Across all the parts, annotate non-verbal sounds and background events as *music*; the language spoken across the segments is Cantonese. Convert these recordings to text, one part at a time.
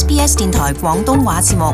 SBS 電台廣東話節目，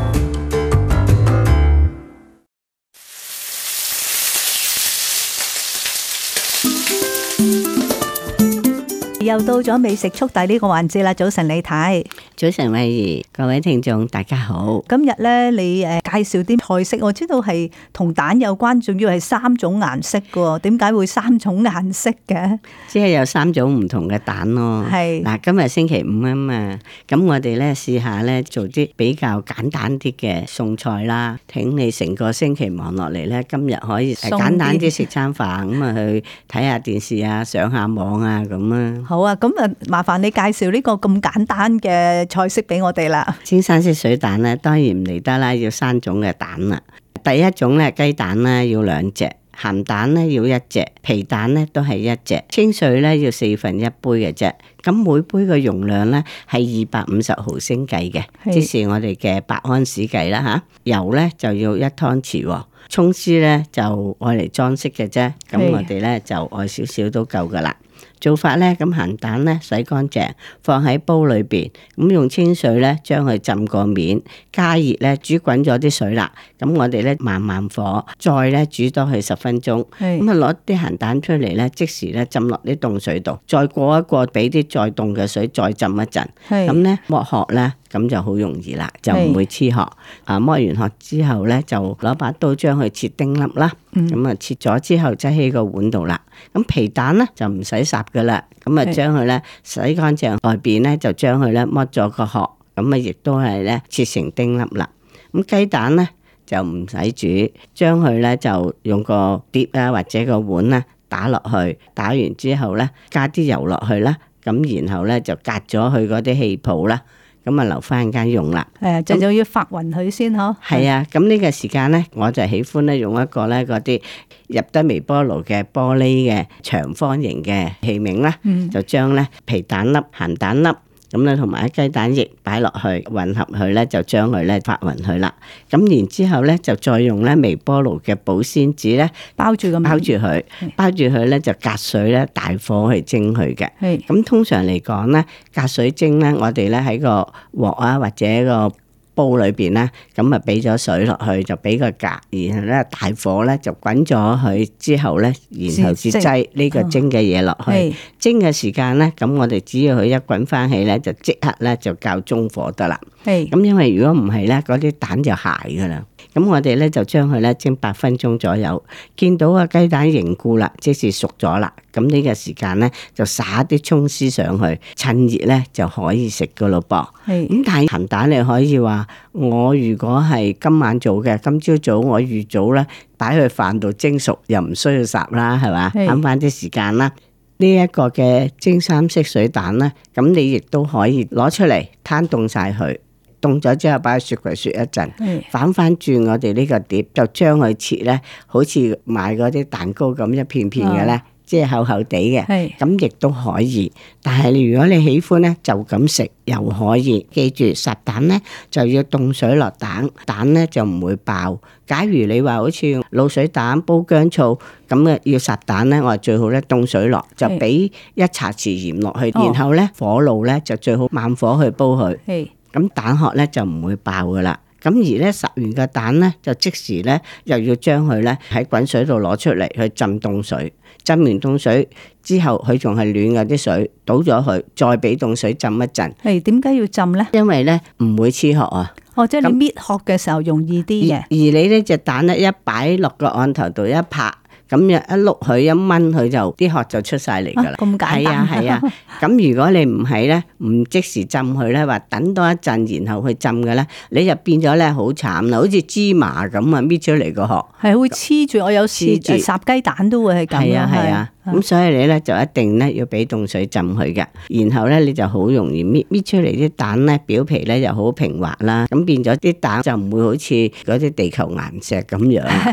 又到咗美食速遞呢個環節啦！早晨你，你睇。早晨，慧怡，各位聽眾，大家好。今日咧，你誒介紹啲菜式，我知道係同蛋有關，仲要係三種顏色㗎。點解會三種顏色嘅？即係有三種唔同嘅蛋咯。係嗱，今日星期五啊嘛，咁我哋咧試下咧做啲比較簡單啲嘅餸菜啦。請你成個星期忙落嚟咧，今日可以簡單啲食餐飯，咁啊去睇下電視啊，上下網啊咁啊。好啊，咁啊麻煩你介紹呢個咁簡單嘅。菜式俾我哋啦，蒸三色水蛋咧，當然唔嚟得啦，要三種嘅蛋啦。第一種咧，雞蛋咧要兩隻，鹹蛋咧要一隻，皮蛋咧都係一隻。清水咧要四分一杯嘅啫，咁每杯嘅容量咧係二百五十毫升計嘅，即是，是我哋嘅八安士計啦吓。油咧就要一湯匙。葱絲咧就，就愛嚟裝飾嘅啫，咁我哋咧就愛少少都夠噶啦。做法咧，咁鹹蛋咧洗乾淨，放喺煲裏邊，咁用清水咧將佢浸個面，加熱咧煮滾咗啲水啦。咁我哋咧慢慢火，再咧煮多佢十分鐘。咁啊攞啲鹹蛋出嚟咧，即時咧浸落啲凍水度，再過一過俾啲再凍嘅水，再浸一陣。咁咧剝殼咧。咁就好容易啦，就唔會黐殼。啊是，剝完殼之後咧，就攞把刀將佢切丁粒啦。咁啊、嗯，就切咗之後，即喺個碗度啦。咁皮蛋咧就唔使烚噶啦。咁啊，將佢咧洗乾淨，外邊咧就將佢咧剝咗個殼。咁啊，亦都係咧切成丁粒啦。咁雞蛋咧就唔使煮，將佢咧就用個碟啊或者個碗咧打落去，打完之後咧加啲油落去啦。咁然後咧就隔咗佢嗰啲氣泡啦。咁啊，留翻間用啦。誒，仲要發勻佢先嗬。係啊，咁呢個時間咧，我就喜歡咧用一個咧嗰啲入得微波爐嘅玻璃嘅長方形嘅器皿啦。嗯，就將咧皮蛋粒、鹹蛋粒。咁咧，同埋啲雞蛋液擺落去混合佢咧，就將佢咧發勻佢啦。咁然之後咧，就再用咧微波爐嘅保鮮紙咧包住咁包住佢，的包住佢咧就隔水咧大火去蒸佢嘅。咁的通常嚟講咧，隔水蒸咧，我哋咧喺個鑊啊或者個煲裏邊咧，咁啊俾咗水落去，就俾個格，格，然後咧大火咧就滾咗佢，之後咧，然後至擠呢個蒸嘅嘢落去。蒸嘅時間咧，咁我哋只要佢一滾翻起咧，就即刻咧就較中火得啦。咁是因為如果唔係咧，嗰啲蛋就鞋噶啦。咁我哋咧就將佢咧蒸八分鐘左右，見到個雞蛋凝固啦，即係熟咗啦。咁呢個時間咧就撒啲葱絲上去，趁熱咧就可以食噶咯噃。咁係。但係鹹蛋你可以話，我如果係今晚做嘅，今朝早，早我預早咧擺去飯度蒸熟，又唔需要霎啦，係嘛？慳翻啲時間啦。呢一個嘅蒸三色水蛋咧，咁你亦都可以攞出嚟攤凍晒佢。凍咗之後，擺喺雪櫃雪一陣，反翻轉我哋呢個碟，就將佢切呢，好似買嗰啲蛋糕咁，一片片嘅呢，即係厚厚地嘅。咁亦都可以，但係如果你喜歡呢，就咁食又可以。記住，實蛋呢，就要凍水落蛋，蛋呢就唔會爆。假如你話好似鹵水蛋煲薑醋咁嘅，要實蛋呢，我最好呢凍水落，就俾一茶匙鹽落去，然後呢火爐呢，就最好慢火去煲佢。咁蛋殼咧就唔會爆噶啦，咁而咧烚完嘅蛋咧就即時咧又要將佢咧喺滾水度攞出嚟去浸凍水，浸完凍水之後佢仲係暖嘅，啲水倒咗佢，再俾凍水浸一陣。係點解要浸咧？因為咧唔會黐殼啊！哦，即係你搣殼嘅時候容易啲嘅。而你呢隻蛋咧一擺落個案頭度一拍，咁樣一一碌佢一掹，佢就啲殼就出晒嚟噶啦，咁解？係啊係啊。咁、啊啊、如果你唔係咧，唔即時浸佢咧，話等多一陣然後去浸嘅咧，你就變咗咧好慘啦，好似芝麻咁啊搣咗嚟個殼，係會黐住，我有時黐住，烚雞著蛋都會係咁，係啊係啊。咁所以你咧就一定咧要俾凍水浸佢嘅，然後咧你就好容易搣搣出嚟啲蛋咧表皮咧就好平滑啦，咁變咗啲蛋就唔會好似嗰啲地球岩石咁樣嚇，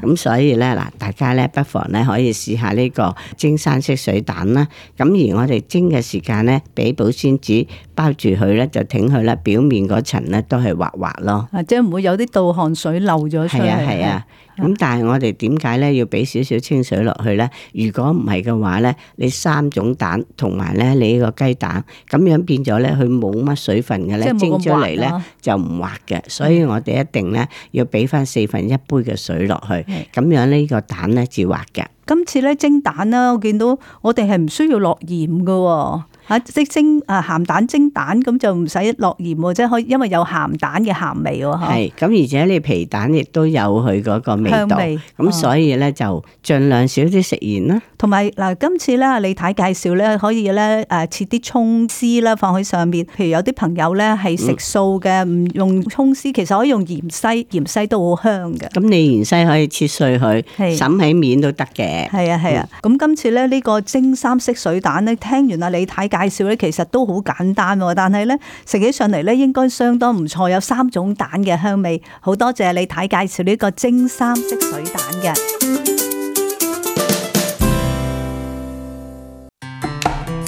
咁、 *laughs* 啊、所以咧嗱，大家咧不妨咧可以試下呢個蒸山式水蛋啦，咁而我哋蒸嘅時間咧俾保鮮紙。包住佢咧，就挺佢啦。表面嗰層咧都係滑滑咯。啊，即唔會有啲倒汗水漏咗出嚟。係啊係啊。咁、啊、但係我哋點解咧要俾少少清水落去咧？如果唔係嘅話咧，你三種蛋同埋咧你呢個雞蛋，咁樣變咗咧，佢冇乜水分嘅咧，蒸出嚟咧就唔滑嘅。滑，所以我哋一定咧要俾翻四分一杯嘅水落去。咁的樣呢個蛋咧至滑嘅。今次咧蒸蛋啦，我見到我哋係唔需要落鹽嘅。啊！即蒸啊，鹹蛋蒸蛋咁就唔使落鹽喎，即係因為有鹹蛋嘅鹹味喎，係咁，而且你皮蛋亦都有佢嗰個味道，咁、啊、所以咧就儘量少啲食鹽啦。同埋嗱，今次咧李太介紹咧，可以咧誒切啲葱絲啦放喺上面。譬如有啲朋友咧係食素嘅，唔用葱絲，其實可以用芫茜，芫茜都好香嘅。咁、嗯、你芫茜可以切碎佢，揼起係面都得嘅。係啊係啊，咁、啊嗯、今次咧呢個蒸三色水蛋咧，聽完阿李太介紹咧，其實都好簡單喎。但係咧食起上嚟咧應該相當唔錯，有三種蛋嘅香味。好多謝李太介紹呢一個蒸三色水蛋嘅。